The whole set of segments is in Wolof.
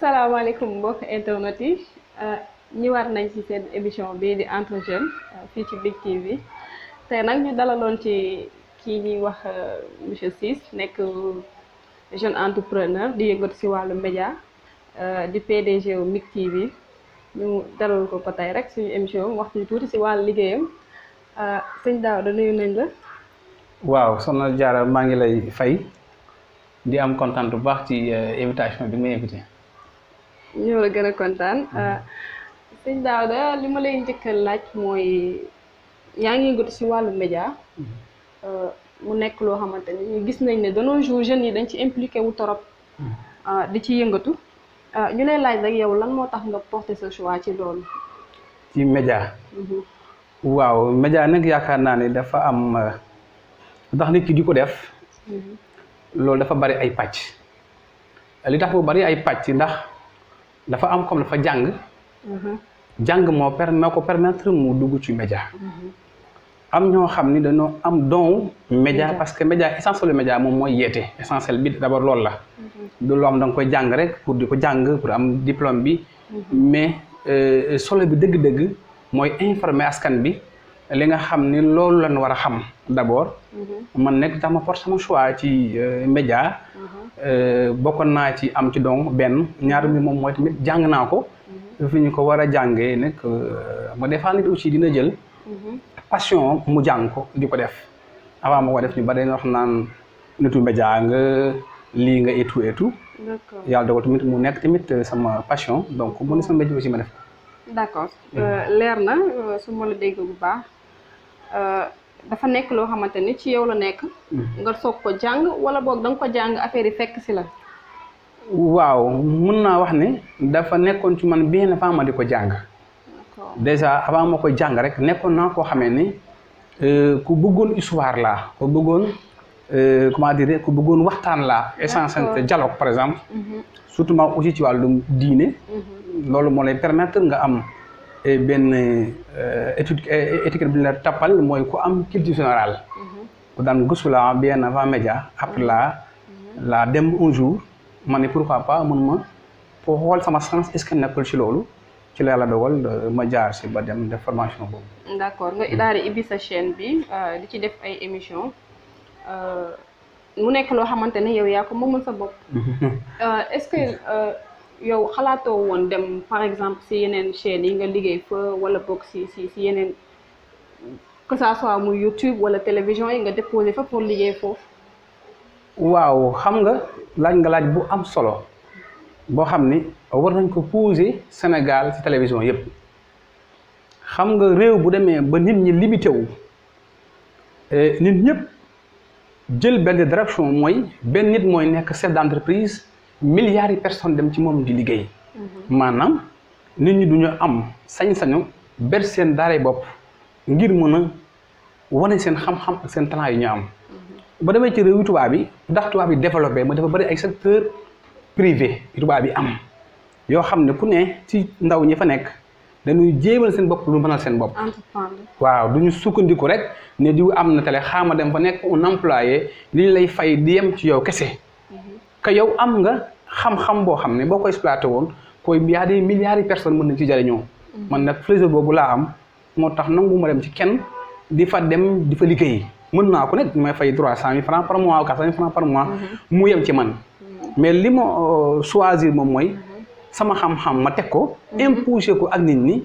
salaamaaleykum mbokk internet yi ah, ñëwaat nañ ci seen émission bii di entre jeunes ah, fii ci Big TV te nag ñu dalaloon ci kii ñuy wax ah, monsieur Ciss nekk jeune entrepreneur di yëngatu ci wàllu média di PDG wu Big TV ñu dalal ko ko tey rek suñu émission wax ñu tuuti ci wàllu liggéeyam sëñ daaw da nañ la. waaw soxna Diarra maa ngi lay fay di am kontaan bu baax ci eh, invitation bi nga invité. ñoo la gën a kontaan mm-hmm. euh, sëñ Daouda li ma lay njëkkal laaj mooy yaa ngi yëngatu si wàllu média mm-hmm. euh, mu nekk loo xamante ni gis nañ ne de nos jours jeunes yi dañ ci impliqué wu torop mm-hmm. euh, di ci yëngatu ñu lay laaj rek yow lan moo tax nga porté ce choix ci loolu. ci média. waaw média nag yaakaar naa ne dafa am ndax nit ki di ko def. loolu dafa bari ay pàcc. li tax mu bari ay pàcc ndax. dafa am comme dafa jang hmm jang mo permet ko permettre mu dugg ci média. hmm am ño xamni dañu am don. média parce que média essentiel média mom moy yété essentiel bi d'abord lool la. Mhm. du lo am dang koy jang rek pour diko jang pour am diplôme bi. Mhm. mais euh solo bi deug deug moy informer askan bi li nga xamni ni loolu lañ wara xam d'abord. Mhm. man nek dama porte sama choix ci euh, média. Euh, bokkoon naa ci am ci dong benn ñaar mi moom mooy tamit jàng naa ko mm-hmm. fi ñu ko war a jàngee nag euh, ma des nit aussi dina jël mm-hmm. passion mu jàng ko di ko def avant ma ko def ñu bari na wax naan nitu média nga lii nga et tout et tout yàlla dogal tamit mu nekk tamit euh, sama passion donc mu ne sama métier aussi ma def ko d'accord mm-hmm. leer na su ma la dégg bu baax dafa nekk loo xamante ni ci yow la nekk. Mm-hmm. nga soog ko jàng wala boog danga ko jàng affaire yi fekk si la. waaw mun naa wax ne dafa nekkoon ci man bien avant ma di ko jàng. déjà avant ma koy jàng rek nekkoon naa koo xamee ni euh, ku bëggoon histoire laa ku bëggoon euh, comment dire ku bëggoon waxtaan laa. essentiellement dialogue par exemple. Mm-hmm. surtout ma aussi ci wàllum diine. Mm-hmm. loolu moo lay permettre nga am. benn euh, étude euh, bi la am culture générale mm-hmm. bien avant après la mm-hmm. la dem un jour pourquoi pas pour sama chance est-ce que ci ci la euh, ma formation d'accord nga ibi sa chaîne bi émissions mu yow est-ce que yow xalaatoo woon dem par exemple si yeneen chaîne yi nga liggéey fa wala boog si si si yeneen que ça soit muy YouTube wala télévision yi nga déposé fa pour liggéey foofu. waaw xam nga laaj nga laaj bu am solo boo xam ni war nañ ko poser Sénégal si télévision yépp xam nga réew bu demee ba nit ñi limité wu e, nit ñëpp jël benn direction mooy benn nit mooy nekk chef d'entreprise. milliards yi personnes dem ci moom di liggéey. maanaam nit ñi duñu am sañ-sañu ber seen daaray bopp ngir mun a wane seen xam-xam ak seen talent yi ñu am. ba demee ci réewu tubaab yi ndax tubaab yi développé ma dafa bari ay secteur privé yu tubaab yi am yoo xam ne ku ne ci ndaw ñi fa nekk dañuy jéemal seen bopp lu mënal seen bopp. waaw du ñu sukkandiku rek ne diw am na télé xaama dem fa nekk un employé li ñu lay fay di yem ci yow kese. que yow am nga xam-xam bo xamne boko exploiter won exploité woon koy yaa des milliards de personnes mën ci jariñoo mm. man nak plaisir bobu la am motax nanguma dem ci kenn di fa dem di fa liggéey mën na ko ne may fay trois francs par mois ou quatre francs par mois mm-hmm. mu yem ci man mm-hmm. mais limo euh, choisir mom moy mm-hmm. sama xam-xam ma tek ko imposer ko ak nit ni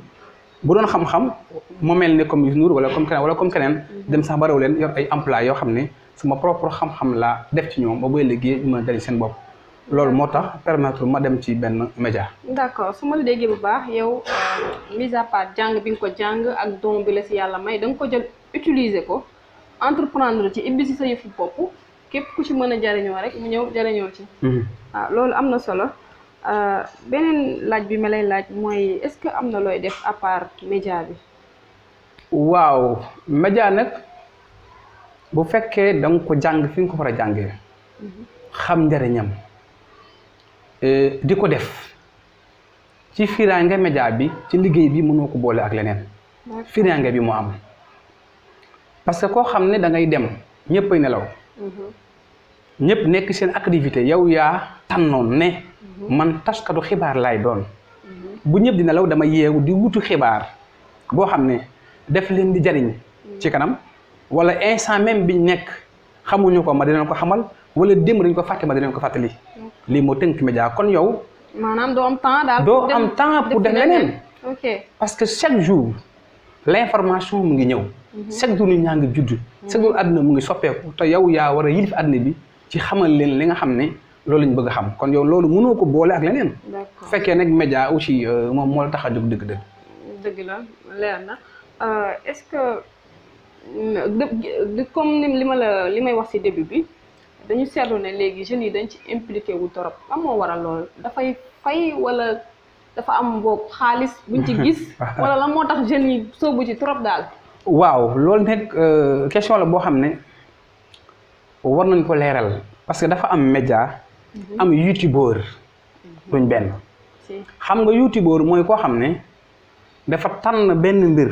bu don xam-xam mo melni comme nour wala comme kenen wala comme kenen dem sax ba réew leen yor ay emploi yo xamne suma propre xam-xam laa def ci ñoom ba booy liggéey ñu mën a jëriñ seen bopp loolu moo tax permettre ma dem ci benn média. d'accord su ma la déggee bu baax yow euh, mis à part jàng bi nga ko jàng ak don bi la si yàlla may da ko jël utiliser ko entreprendre ci ibbi si sa yëfu bopp képp ku ci mën a jariñoo rek mu ñëw jariñoo ci. waaw mhm. ah, loolu am na solo euh, beneen laaj bi ma lay laaj mooy est-ce que am na looy def à part média bi. waaw média nag. bu fekke dang ko jang fi ko fara a xam ñam e, di ko def ci firange media bi ci liggey bi mëno ko bolé ak lenen firange bi mu am parce que ko xam da ngay dem ñëpp ay nelaw mhm. ñepp nek seen activité yow ya tanon ne mhm. man taskadu xibar lay doon mhm. bu ñepp di nelaw dama yewu di wutu xibar bo hamne, def leen di jariñ ci kanam wala instant même biñ nekk xamuñu ko ma dinañ ko xamal wala démb dañ ko fàtte ma ko fàttali. lii moo tënk média kon yow. maanaam doo am temps daal doo am temps pour def leneen. ok parce que chaque jour l' information mu ngi ñëw. Mhm. chaque jour nit ñaa ngi judd. chaque jour àdduna mu ngi soppeeku te yow yaa war a yilif àdduna bi ci xamal leen li nga xam ne loolu lañ bëgg xam kon yow loolu mënoo ko boole ak leneen. d'accord fekkee nag média aussi euh, moom moo tax a jóg dëgg-dëgg. de comme lima ma la li may wax ci début bi dañu sétlu ne légui jeune yi dañ ci impliquer wu torop am mo waral lool da fay wala dafa am bok xaliss buñ ci gis wala la motax jeune yi sobu ci torop dal waaw loolu nekk euh, question la bo xamné ne war nañ ko léral parce que dafa am média mhm. am youtubeur buñ mhm. ben xam nga youtubeur moy ko xamné ne dafa tan ben mbir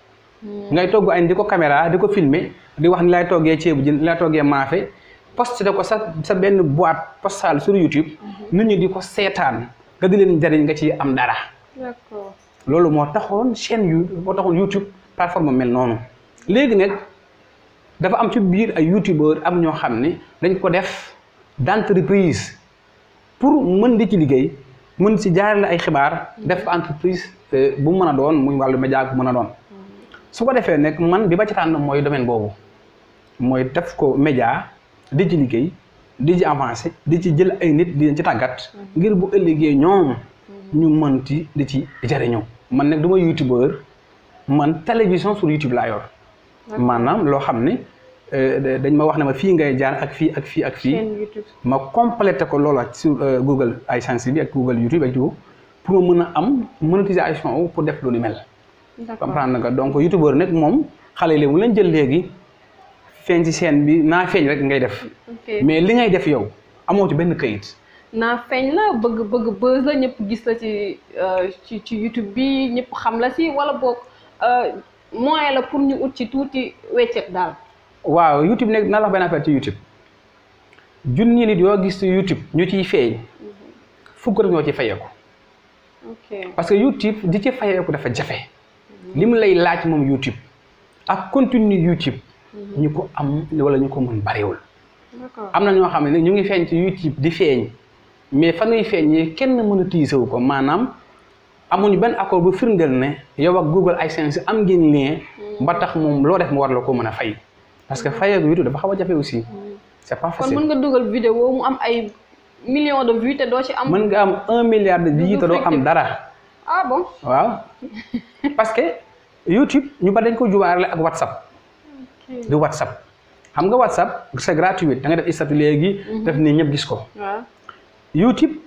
ngay togu añ di ko caméra di ko di wax ni lay toggee ceebu jinn lay toggee maafe posté ko sa sa benn boîte postale sur youtube mhm. nit ñi di ko ga di leen jariñ nga ci am dara lolu mo taxone chaîne yu mo taxone youtube plateforme mel noonu légui nag dafa am ci biir ay youtubeur am ño xam dañ ko def d'entreprise pour mën di ci liggéey mën jaar la ay xibaar def entreprise euh, bu mëna doon muy walu média bu mëna doon su ko defee nag man bi ma ci tànn mooy domaine boobu mooy def ko média di ci liggéey di ci avancé di ci jël ay nit di ci tàggat mm-hmm. ngir bu ëllëgee ñoom mm-hmm. ñu mën ci di ci jariñoo man nag du ma youtubeur man télévision sur youtube laa yor maanaam loo xam ne euh, dañ ma wax ne ma fii ngay jaar ak fii ak fii ak fii ma complété ko loola sur euh, Google AdSense bi ak Google YouTube ak pour ma mën a am monétisation pour def lu ni mel comprendre nga donc youtubeur nek mom xalé yi mu leen jël léegi feeñ ci sen bi na feeñ rek ngay def mais li ngay def yow amo ci ben kayit na feeñ la bëgg bëgg buzz la ñëpp gis la ci euh, ci ci youtube bi ñëpp xam la si wala euh moyen la pour ñu ut ci touti weccet dal waaw youtube nek na la ben affaire ci youtube junni nit yo gis ci youtube ñu ci feeñ fukk rek ñoo ci ok parce que youtube di ci fayeku dafa jafé li mu lay laaj moom YouTube ak contenu YouTube ñu ko am wala ñu ko mën bariwul am na ñoo xam ne ñu ngi feeñ ci YouTube di feeñ mais fa nuy feeñee kenn mën a tiisewu ko maanaam amuñ benn accord bu firndeel ne yow ak Google AdSense am ngeen lien ba tax moom loo def mu war la ko mën a fay parce que mm-hmm. fayee bi YouTube dafa xaw a jafe aussi mm-hmm. c'est pas facile kon mën nga dugal vidéo mu am ay millions de vues te doo ci am. mën nga am un milliard de vues te doo am dara. ah bon parce que YouTube ñu ba dañ ko jubaarle ak WhatsApp. du WhatsApp. xam nga WhatsApp c'est gratuit da nga def statut léegi. Mhm. def ni ñëpp gis ko. YouTube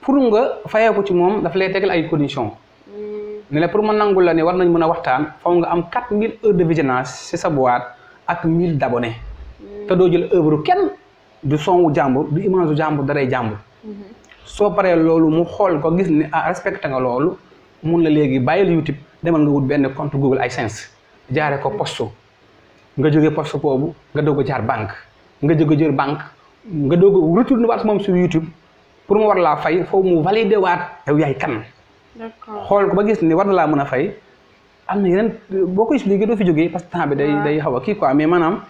pour nga fayé ko ci moom daf lay tégal ay conditions. Mm. ni la pour ma nangul la ni war nañ mëna waxtaan faw nga am 4000 heures de visionnage ci sa boîte ak 1000 d'abonnés. Mm. te do jël œuvre kenn du son wu jàmbur du image wu jàmbur dara jàmbur. Mhm. so paré lolu mu xol ko gis ni ah respecté nga lolu mu la léegi bayil YouTube. demal nga wut benn compte Google AdSense jaare ko posto nga jógee poste boobu nga doog a jaar banque nga jóg a jël banque nga doog a retourné waat moom sur YouTube pour mu war laa fay foofu mu validé waat yow yaay kan. xool ko ba gis ni war na laa mën a fay am na yeneen boo ko expliqué doo fi jógee parce que temps bi day day xaw a kii quoi mais maanaam.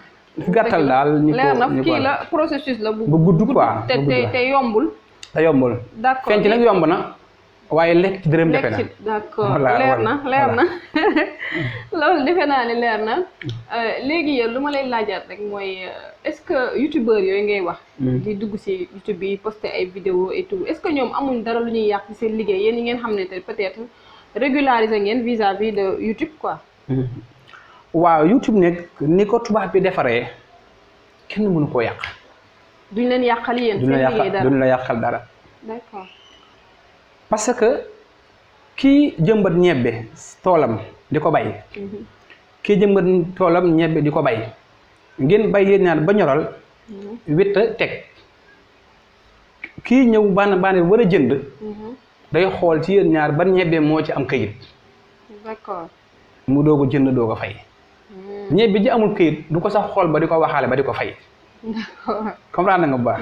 fi gàttal daal ñu ko leer na kii la processus la bu gudd quoi te te yombul. te yombul. d'accord nag yomb na. waaye lekk ci dërëm jafe na lekk ci leer na leer na loolu defe naa ne leer na euh, léegi yow lu ma lay laajaat rek mooy euh, est-ce que youtubeur yooyu ngay wax. Hmm. di dugg si youtube bi poster ay vidéo et tout est-ce que ñoom amuñ dara lu ñuy yàq ci seen liggéey yéen yi ngeen xam ne te peut-être régulariser ngeen vis-à-vis de youtube quoi. Hmm. waaw youtube nag ni ko tubaab bi defaree kenn mënu koo yàq. duñ leen yàqal yéen seen liggéey dara duñ la yàqal dara. d'accord. parce que kii jëmbat ñebbe toolam di ko bay mhm. kii jëmbat toolam ñebbe di ko bay ngeen bay yéen ñaar ba ñoral mhm. witt teg kii ñëw baan baane war a jënd mhm. day xool ci yéen ñaar ban ñebbe moo ci am kayit mu doog ko jënd doo ko fay ñebbe ji amul kayit du ko sax xool ba di ko waxaale ba di ko fay comprendre nga bu baax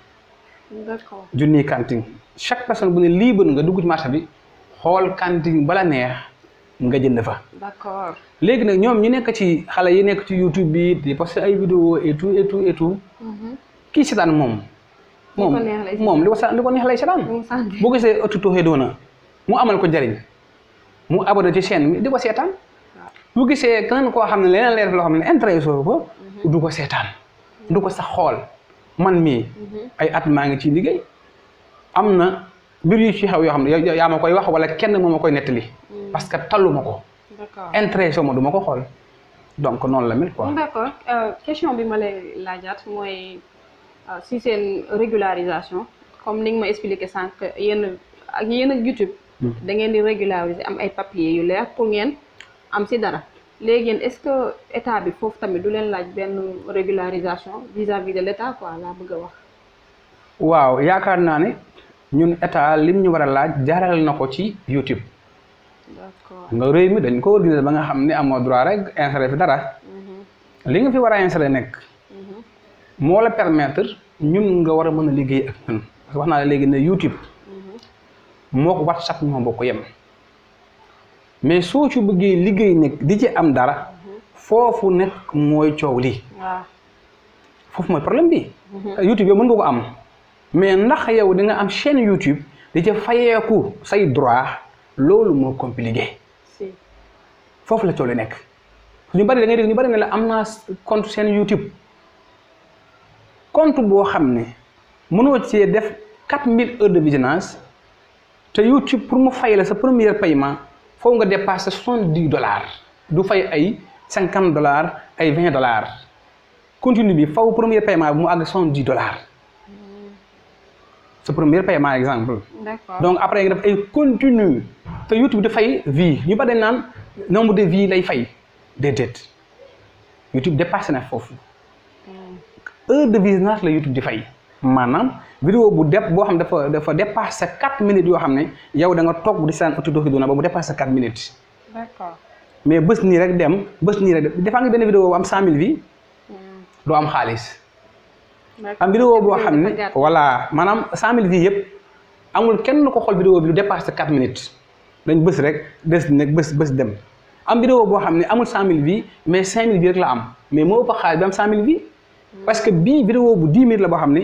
d'accord junniy cantine chaque personne bu ne lii bën nga dugg ci marché bi xool cantine bala neex nga jënd fa. d'accord léegi nag ñoom ñu nekk ci xale yi nekk ci YouTube bi di poster ay video et tout et tout et tout. Mm-hmm. kii seetaan moom. moom moom li ko seetaan li ko neex lay seetaan. boo gisee ëttu tooxee doona mu amal ko jariñ mu abonné ci chaîne bi di ko seetaan. bu gisee keneen koo xam ne leneen leer def loo xam ne intéressé ko mm-hmm. du ko seetaan du ko sax xool. man mii ay at maa ngi ciy liggéey am na mbir yu ci xew yoo xam ne yaa ma koy wax wala kenn moo ma koy nettali mm. parce que tallu ma ko intéressé ma duma ko xool donc noonu la mel quoi d'accord euh, question bi ma lay laajaat mooy euh, si seen régularisation comme ni nga ma expliqué sànq yéen ak yéen ak YouTube mm. da ngeen di régulariser am ay papiers yu leer pour ngeen am si dara léegi est-ce que état bi foofu tamit du leen laaj benn régularisation vis-à-vis de l'état quoi laa bëgg a wax. waaw yaakaar naa ne ñun état lim ñu war a laaj jaarale na ko ci YouTube. d'accord nga réew mi dañ ko organiser ba nga xam ne amoo droit rek installé fi dara. Mm-hmm. li nga fi war a installé nekk. Mm-hmm. moo la permettre ñun nga war a mën a liggéey ak ñun parce que wax naa la léegi ne YouTube. Mm-hmm. moo ko WhatsApp ñoo bokk yem. mais so ci bëggé liggéey nek di ci am dara foofu nekk mooy coow lii fofu moy problème bi mhm. youtube yow mën nga ko am mais ndax yow di nga am chaîne youtube di ci fayéku say droit loolu mo compliqué fofu la coow li nekk ñu bari da ngay ñu bari na la amna compte chaîne youtube compte bo xamné mëno ci def 4000 heures de visionnage te youtube pour mu fayé la sa premier paiement faut que dépasse 70 dollars. Du fait ay 50 dollars, ay 20 dollars. Continue bien. Faut premier paiement mo ag 70 dollars. C'est premier paiement exemple. D'accord. Donc après il faut continue. Te YouTube de fait vie. Ni pas de nan nombre de vie lay fay des dettes. YouTube dépasse na fofu. Mm. Un de business la YouTube de fait. maanaam vidéo bu dep boo xam ne dafa dafa dépassé 4 minutes yoo xam ne yow danga nga toog di saan ëttu doxi doona ba mu dépassé 4 minutes. d'accord mais bës nii rek dem bës nii rek dem defaa nga benn vidéo am 100000 vues hmm. doo am xaalis. am vidéo boo xam ne voilà maanaam 100000 vues yëpp amul kenn ko xool vidéo bi du dépassé 4 minutes dañ bés rek des nag bés bés dem am vidéo boo xam ne amul 100000 vues mais 5000 vues rek la am mais moo ëpp xaalis bi hmm. parce que bii vidéo bu 10 minutes la boo xam ne.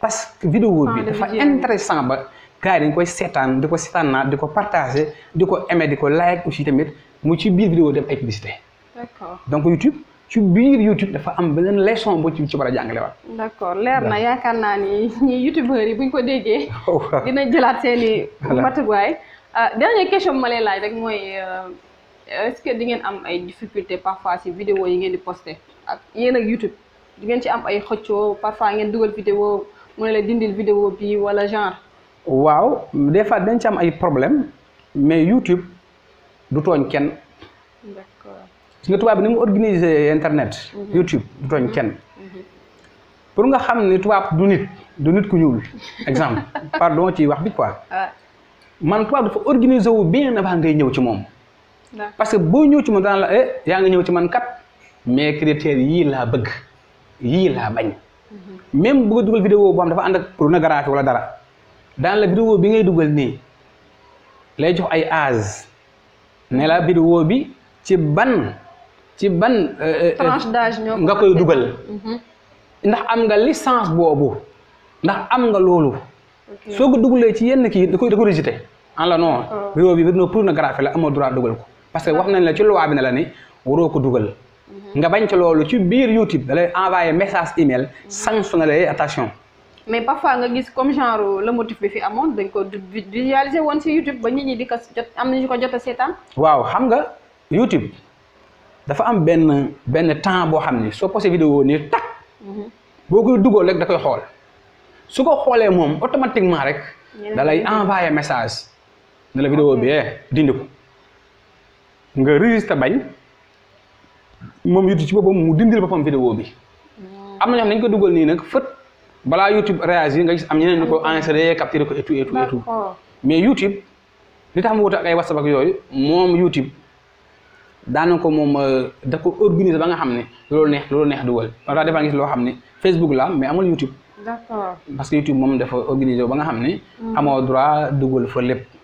parce que vidéo bi dafa intéressant ba gars yi dañ koy seetaan di ko seetaan naa di ko partagé di ko aimé di ko like aussi tamit mu ci biir vidéo def ay publicité d'accord donc YouTube ci biir YouTube dafa am beneen lesson boo ci ci war a jàngale waat. d' accord leer na yaakaar naa ni ñi youtubeurs yi bu ñu ko déggee. Oh, dina jëlaat seen i. matuwaay ah, dernière question bi ma lay laaj rek mooy euh, est ce que di ngeen am ay difficulté parfois si vidéo yi ngeen di posté ak yéen ak YouTube di ngeen ci am ay xëccoo parfois ngeen dugal vidéo Mon ne la dindil vidéo bi wala genre. waaw des fois dañ ci am ay problème mais YouTube du togn kenn. d'accord gis nga tubaab bi ni mu organiser internet. Mhm. YouTube du tooñ mhm. kenn. Mhm. pour nga xam ni tubaab du nit du nit ku ñuul exemple pardon ci wax bi quoi. Ah. man tubaab dafa organiser wu bien avant ngay ñëw ci mom parce que bo ñëw ci mom daan la eh yaa nga ñëw ci man kat mais critères yi la bëgg yi la bañ. Mhm. même bëgg dugal vidéo boo xam dafa ànd ak pornographie wala dara daan la vidéo bi ngay dugal nii lay jox ay âge ne la vidéo bi ci ban ci ban euh, euh, euh, tranche d'âge ñoo nga koy dugal mhm. ndax am nga licence boobu ndax am nga loolu soo ko dugalee ci yenn kii da koy da koy rejeté en ah la non oh. vidéo bi vidéo pornographie la amoo droit dugal ko parce que ah. wax nañ la ci loi bi ne la ni waroo ko dugal nga bañ ci loolu ci biir YouTube da lay envoyé message email sanctionné lay attention. mais par parfois nga gis comme genre le motif bi fi amoon dañ ko visualiser woon si YouTube ba nit ñi di ko jot am nañu ko jot a waaw xam nga YouTube dafa am benn benn temps boo xam ni soo posté vidéo nii mhm. boo koy dugal rek da koy xool su ko xoolee moom automatiquement rek. da envoyé message. ne la vidéo bi eh, ko nga registré bañ. moom YouTube ci boppam mu dindil boppam vidéo bi am na ñoo xam nañ ko dugal nii nag fët balaa YouTube réagir nga gis am ñeneen ñu ko enregistré capturé ko et tout et mais YouTube li tax mu wute ak ay WhatsApp ak yooyu moom YouTube daana moom euh, da ko organiser ba nga xam ne loolu neex loolu neex dugal daa defaa gis loo xam ne Facebook la am mais amul YouTube d'accord parce que YouTube moom dafa organiser ba nga xam ni mm. amoo droit dugal fa lépp